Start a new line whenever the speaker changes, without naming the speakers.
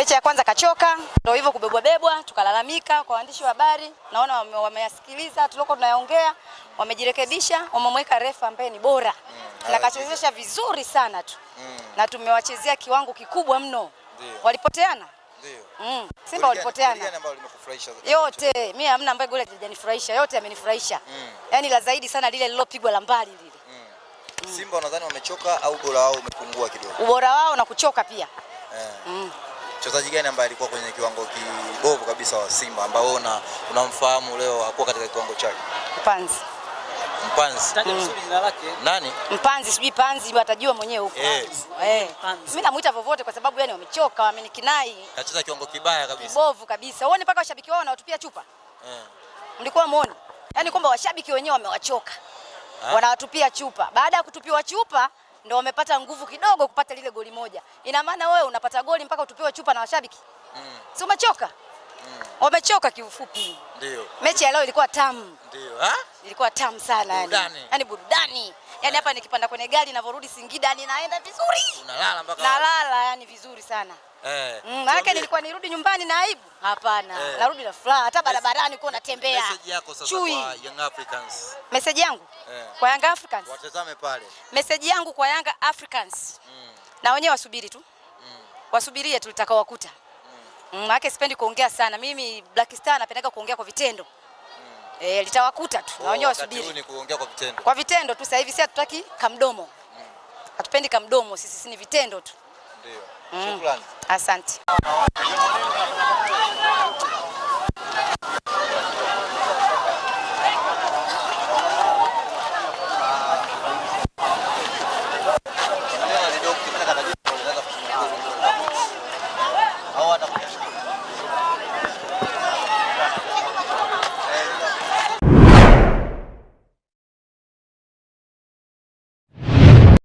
Mechi ya kwanza kachoka, ndio hivyo kubebwa bebwa, tukalalamika kwa waandishi wa habari, naona wameyasikiliza wame tuliko tunayaongea, wamejirekebisha, wamemweka refa ambaye ni bora mm, na kachezesha vizuri sana tu mm, na tumewachezea kiwango kikubwa mno. Walipoteana mm, Simba walipoteana
yote, Mimi hamna ambaye goli hajanifurahisha, yote amenifurahisha
mm. Yaani la zaidi sana lile lilopigwa la mbali lile mm.
Mm. Simba unadhani wamechoka au ubora wao umepungua kidogo,
ubora wao na kuchoka pia yeah.
mm mchezaji gani ambaye alikuwa kwenye kiwango kibovu kabisa wa Simba ambao una unamfahamu leo hakuwa katika kiwango chake? Mpanzi. Mpanzi.
Mm. Nani?
Mpanzi sijui Panzi atajua mwenyewe huko.
Eh. eh.
Mimi namuita vovote kwa sababu yani wamechoka, wamenikinai.
Kacheza kiwango kibaya kabisa.
Kibovu kabisa. Uone mpaka washabiki wao wanawatupia chupa. Eh. Mlikuwa muone. Yaani kwamba washabiki wenyewe wamewachoka. Ah. Wanawatupia chupa. Baada ya kutupiwa chupa ndio wamepata nguvu kidogo kupata lile goli moja. Ina maana wewe unapata goli mpaka utupiwe chupa na washabiki mm. si umechoka? Mm. Wamechoka kiufupi. Ndio. Mechi ya leo ilikuwa tamu. Ndio, ha? Ilikuwa tamu sana yani. Yaani burudani yani hapa nikipanda kwenye gari navyorudi Singida ninaenda yaani vizuri, nalala mpaka nalala, yani vizuri sana eh. Mm, maana nilikuwa nirudi nyumbani na aibu? Hapana eh. Narudi na furaha, hata barabarani uko natembea.
Message yako sasa Chui. kwa Young Africans.
Message yangu eh. kwa Young Africans.
Watazame pale.
Message yangu kwa Young Africans mm. na wenyewe wasubiri tu mm. wasubirie tulitakaowakuta mm. mm maana sipendi kuongea sana mimi, Black Star napendaga kuongea kwa vitendo. Eh, litawakuta tu na wenyewe oh, wasubiri. Ni
kuongea kwa vitendo. Kwa vitendo tu sasa hivi sisi hatutaki kamdomo. Mm.
Hatupendi kamdomo sisi, sisi ni vitendo tu. Ndio. Mm. Shukrani. Asante.